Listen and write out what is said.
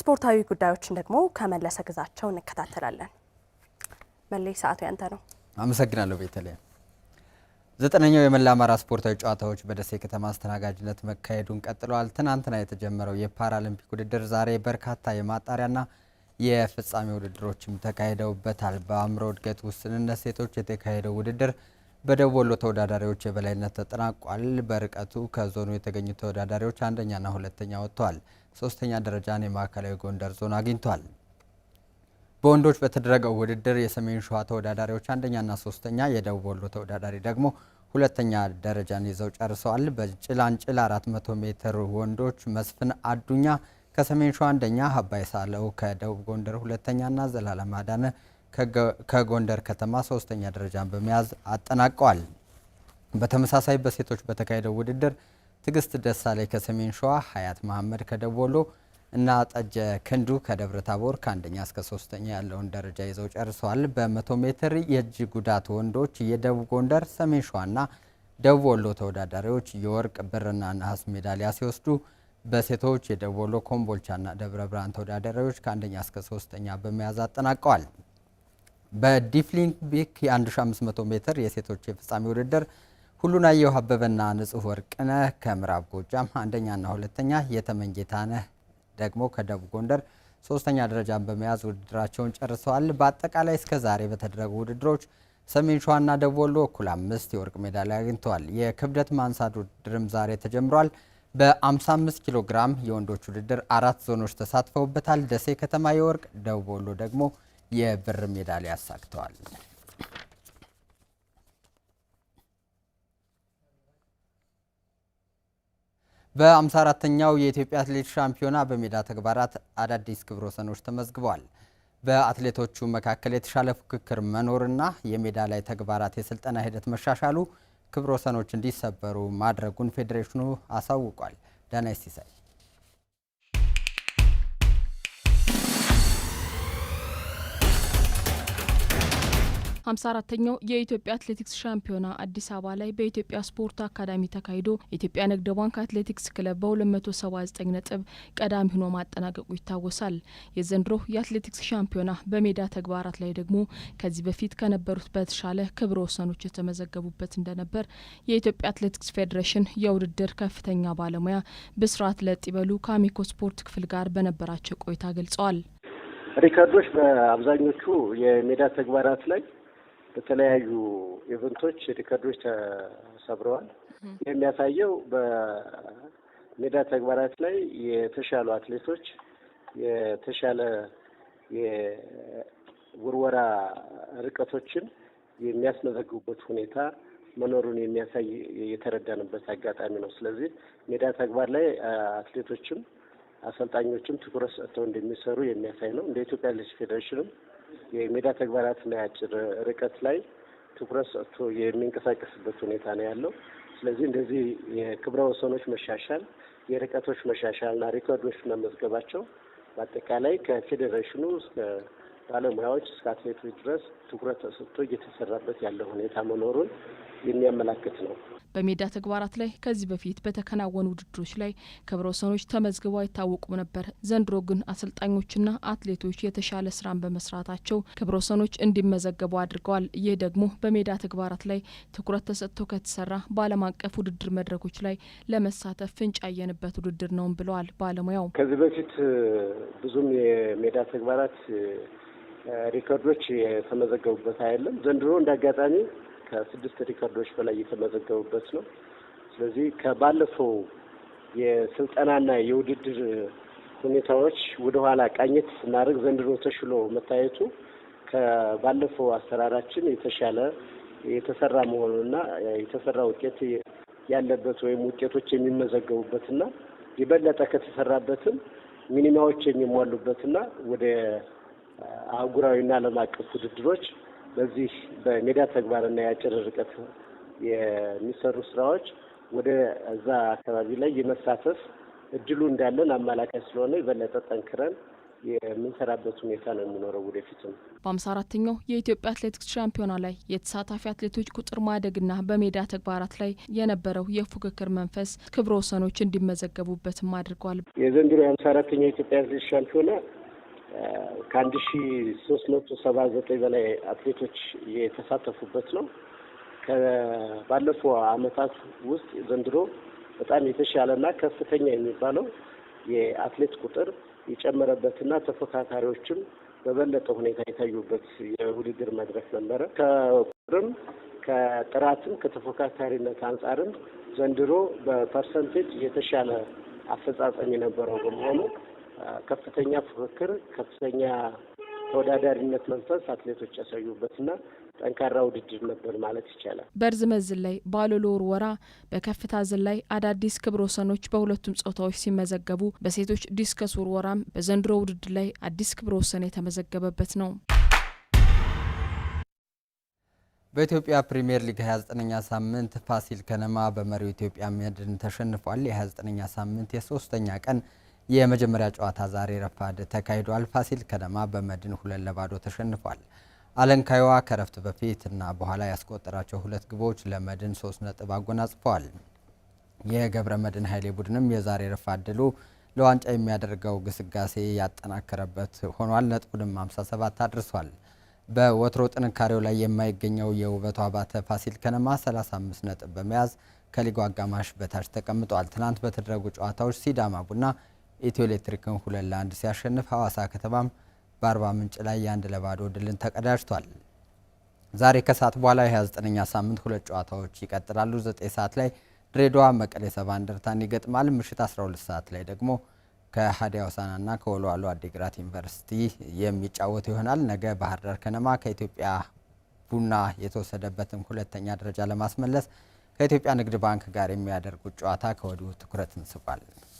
ስፖርታዊ ጉዳዮችን ደግሞ ከመለሰ ግዛቸው እንከታተላለን። መለይ፣ ሰዓቱ ያንተ ነው። አመሰግናለሁ ቤተልሔም። ዘጠነኛው የመላ አማራ ስፖርታዊ ጨዋታዎች በደሴ ከተማ አስተናጋጅነት መካሄዱን ቀጥለዋል። ትናንትና የተጀመረው የፓራሊምፒክ ውድድር ዛሬ በርካታ የማጣሪያና የፍጻሜ ውድድሮችም ተካሂደውበታል። በአእምሮ እድገት ውስንነት ሴቶች የተካሄደው ውድድር በደቡብ ወሎ ተወዳዳሪዎች የበላይነት ተጠናቋል። በርቀቱ ከዞኑ የተገኙ ተወዳዳሪዎች አንደኛና ሁለተኛ ወጥተዋል። ሶስተኛ ደረጃን የማዕከላዊ ጎንደር ዞን አግኝቷል። በወንዶች በተደረገው ውድድር የሰሜን ሸዋ ተወዳዳሪዎች አንደኛና ሶስተኛ፣ የደቡብ ወሎ ተወዳዳሪ ደግሞ ሁለተኛ ደረጃን ይዘው ጨርሰዋል። በጭላንጭል 400 ሜትር ወንዶች መስፍን አዱኛ ከሰሜን ሸዋ አንደኛ፣ ሀባይ ሳለው ከደቡብ ጎንደር ሁለተኛና ዘላለም አዳነ ከጎንደር ከተማ ሶስተኛ ደረጃን በመያዝ አጠናቀዋል። በተመሳሳይ በሴቶች በተካሄደው ውድድር ትግስት ደሳለኝ ከሰሜን ሸዋ፣ ሀያት መሐመድ ከደወሎ እና ጠጀ ክንዱ ከደብረ ታቦር ከአንደኛ እስከ ሶስተኛ ያለውን ደረጃ ይዘው ጨርሰዋል። በመቶ ሜትር የእጅ ጉዳት ወንዶች የደቡብ ጎንደር ሰሜን ሸዋና ደቡብ ወሎ ተወዳዳሪዎች የወርቅ ብርና ነሐስ ሜዳሊያ ሲወስዱ በሴቶች የደቡብ ወሎ ኮምቦልቻና ደብረ ብርሃን ተወዳዳሪዎች ከአንደኛ እስከ ሶስተኛ በመያዝ አጠናቀዋል። በዲፍሊንግ ቢክ የ1500 ሜትር የሴቶች የፍጻሜ ውድድር ሁሉን አየሁ አበበና ንጹህ ወርቅነህ ከምዕራብ ጎጃም አንደኛና ሁለተኛ፣ የተመን ጌታነህ ደግሞ ከደቡብ ጎንደር ሶስተኛ ደረጃን በመያዝ ውድድራቸውን ጨርሰዋል። በአጠቃላይ እስከ ዛሬ በተደረጉ ውድድሮች ሰሜን ሸዋና ደቡብ ወሎ እኩል አምስት የወርቅ ሜዳሊያ አግኝተዋል። የክብደት ማንሳት ውድድርም ዛሬ ተጀምሯል። በ55 ኪሎ ግራም የወንዶች ውድድር አራት ዞኖች ተሳትፈውበታል። ደሴ ከተማ የወርቅ ደቡብ ወሎ ደግሞ የብር ሜዳሊያ አሳግተዋል። በ54ኛው የኢትዮጵያ አትሌቲክስ ሻምፒዮና በሜዳ ተግባራት አዳዲስ ክብረ ወሰኖች ተመዝግበዋል። በአትሌቶቹ መካከል የተሻለ ፉክክር መኖርና የሜዳ ላይ ተግባራት የስልጠና ሂደት መሻሻሉ ክብረ ወሰኖች እንዲሰበሩ ማድረጉን ፌዴሬሽኑ አሳውቋል። ዳናይስ ሲሳይ 54 ተኛው የኢትዮጵያ አትሌቲክስ ሻምፒዮና አዲስ አበባ ላይ በኢትዮጵያ ስፖርት አካዳሚ ተካሂዶ ኢትዮጵያ ንግድ ባንክ አትሌቲክስ ክለብ በ279 ነጥብ ቀዳሚ ሆኖ ማጠናቀቁ ይታወሳል። የዘንድሮ የአትሌቲክስ ሻምፒዮና በሜዳ ተግባራት ላይ ደግሞ ከዚህ በፊት ከነበሩት በተሻለ ክብረ ወሰኖች የተመዘገቡበት እንደነበር የኢትዮጵያ አትሌቲክስ ፌዴሬሽን የውድድር ከፍተኛ ባለሙያ ብስራት ለጢበሉ ከአሚኮ ስፖርት ክፍል ጋር በነበራቸው ቆይታ ገልጸዋል። ሪከርዶች በአብዛኞቹ የሜዳ ተግባራት ላይ በተለያዩ ኢቨንቶች ሪከርዶች ተሰብረዋል። የሚያሳየው በሜዳ ተግባራት ላይ የተሻሉ አትሌቶች የተሻለ የውርወራ ርቀቶችን የሚያስመዘግቡበት ሁኔታ መኖሩን የሚያሳይ የተረዳንበት አጋጣሚ ነው። ስለዚህ ሜዳ ተግባር ላይ አትሌቶችም አሰልጣኞችም ትኩረት ሰጥተው እንደሚሰሩ የሚያሳይ ነው። እንደ ኢትዮጵያ አትሌቲክስ ፌዴሬሽንም የሜዳ ተግባራትና የአጭር ርቀት ላይ ትኩረት ሰጥቶ የሚንቀሳቀስበት ሁኔታ ነው ያለው። ስለዚህ እንደዚህ የክብረ ወሰኖች መሻሻል፣ የርቀቶች መሻሻልና ሪኮርዶች መመዝገባቸው በአጠቃላይ ከፌዴሬሽኑ ባለሙያዎች እስከ አትሌቶች ድረስ ትኩረት ተሰጥቶ እየተሰራበት ያለ ሁኔታ መኖሩን የሚያመላክት ነው። በሜዳ ተግባራት ላይ ከዚህ በፊት በተከናወኑ ውድድሮች ላይ ክብረ ወሰኖች ተመዝግበው አይታወቁም ነበር። ዘንድሮ ግን አሰልጣኞችና አትሌቶች የተሻለ ስራን በመስራታቸው ክብረ ወሰኖች እንዲመዘገቡ አድርገዋል። ይህ ደግሞ በሜዳ ተግባራት ላይ ትኩረት ተሰጥቶ ከተሰራ በዓለም አቀፍ ውድድር መድረኮች ላይ ለመሳተፍ ፍንጭ ያየንበት ውድድር ነውም ብለዋል ባለሙያው። ከዚህ በፊት ብዙም የሜዳ ተግባራት ሪከርዶች የተመዘገቡበት አይደለም። ዘንድሮ እንደ አጋጣሚ ከስድስት ሪከርዶች በላይ የተመዘገቡበት ነው። ስለዚህ ከባለፈው የስልጠናና የውድድር ሁኔታዎች ወደኋላ ቃኘት ስናደርግ ዘንድሮ ተሽሎ መታየቱ ከባለፈው አሰራራችን የተሻለ የተሰራ መሆኑና የተሰራ ውጤት ያለበት ወይም ውጤቶች የሚመዘገቡበትና የበለጠ ከተሰራበትም ሚኒማዎች የሚሟሉበትና ወደ አህጉራዊና ዓለም አቀፍ ውድድሮች በዚህ በሜዳ ተግባርና የአጭር ርቀት የሚሰሩ ስራዎች ወደ እዛ አካባቢ ላይ የመሳተፍ እድሉ እንዳለን አመላካች ስለሆነ የበለጠ ጠንክረን የምንሰራበት ሁኔታ ነው የሚኖረው ወደፊትም። በአምሳ አራተኛው የኢትዮጵያ አትሌቲክስ ሻምፒዮና ላይ የተሳታፊ አትሌቶች ቁጥር ማደግና በሜዳ ተግባራት ላይ የነበረው የፉክክር መንፈስ ክብረ ወሰኖች እንዲመዘገቡበትም አድርጓል። የዘንድሮ የአምሳ አራተኛው የኢትዮጵያ አትሌቲክስ ሻምፒዮና ከአንድ ሺ ሶስት መቶ ሰባ ዘጠኝ በላይ አትሌቶች የተሳተፉበት ነው። ከባለፈው አመታት ውስጥ ዘንድሮ በጣም የተሻለና ከፍተኛ የሚባለው የአትሌት ቁጥር የጨመረበትና ተፎካካሪዎችም በበለጠ ሁኔታ የታዩበት የውድድር መድረክ ነበረ። ከቁጥርም ከጥራትም ከተፎካካሪነት አንጻርም ዘንድሮ በፐርሰንቴጅ የተሻለ አፈጻጸም የነበረው በመሆኑ ከፍተኛ ፉክክር፣ ከፍተኛ ተወዳዳሪነት መንፈስ አትሌቶች ያሳዩበትና ጠንካራ ውድድር ነበር ማለት ይቻላል። በርዝመት ዝላይ፣ በአሎሎ ውርወራ፣ በከፍታ ዝላይ አዳዲስ ክብረ ወሰኖች በሁለቱም ጾታዎች ሲመዘገቡ በሴቶች ዲስከስ ውርወራም በዘንድሮ ውድድር ላይ አዲስ ክብረ ወሰን የተመዘገበበት ነው። በኢትዮጵያ ፕሪምየር ሊግ 29ኛ ሳምንት ፋሲል ከነማ በመሪው ኢትዮጵያ መድን ተሸንፏል። የ29ኛ ሳምንት የሶስተኛ ቀን የመጀመሪያ ጨዋታ ዛሬ ረፋድ ተካሂዷል። ፋሲል ከነማ በመድን ሁለት ለባዶ ተሸንፏል። አለንካይዋ ከረፍት በፊት እና በኋላ ያስቆጠራቸው ሁለት ግቦች ለመድን ሶስት ነጥብ አጎናጽፈዋል። የገብረ መድን ኃይሌ ቡድንም የዛሬ ረፋድ ድሉ ለዋንጫ የሚያደርገው ግስጋሴ ያጠናከረበት ሆኗል። ነጥቡንም 57 አድርሷል። በወትሮ ጥንካሬው ላይ የማይገኘው የውበቱ አባተ ፋሲል ከነማ 35 ነጥብ በመያዝ ከሊጉ አጋማሽ በታች ተቀምጧል። ትናንት በተደረጉ ጨዋታዎች ሲዳማ ቡና ኢትዮ ኤሌክትሪክን ሁለት ለአንድ ሲያሸንፍ ሐዋሳ ከተማም በአርባ ምንጭ ላይ የአንድ ለባዶ ድልን ተቀዳጅቷል። ዛሬ ከሰዓት በኋላ የ29ኛ ሳምንት ሁለት ጨዋታዎች ይቀጥላሉ። 9 ሰዓት ላይ ድሬዳዋ መቀሌ ሰባ እንደርታን ይገጥማል። ምሽት 12 ሰዓት ላይ ደግሞ ከሀዲያ ሆሳዕናና ከወልዋሎ አዴግራት ዩኒቨርሲቲ የሚጫወቱ ይሆናል። ነገ ባህር ዳር ከነማ ከኢትዮጵያ ቡና የተወሰደበትን ሁለተኛ ደረጃ ለማስመለስ ከኢትዮጵያ ንግድ ባንክ ጋር የሚያደርጉት ጨዋታ ከወዲሁ ትኩረት እንስባለን።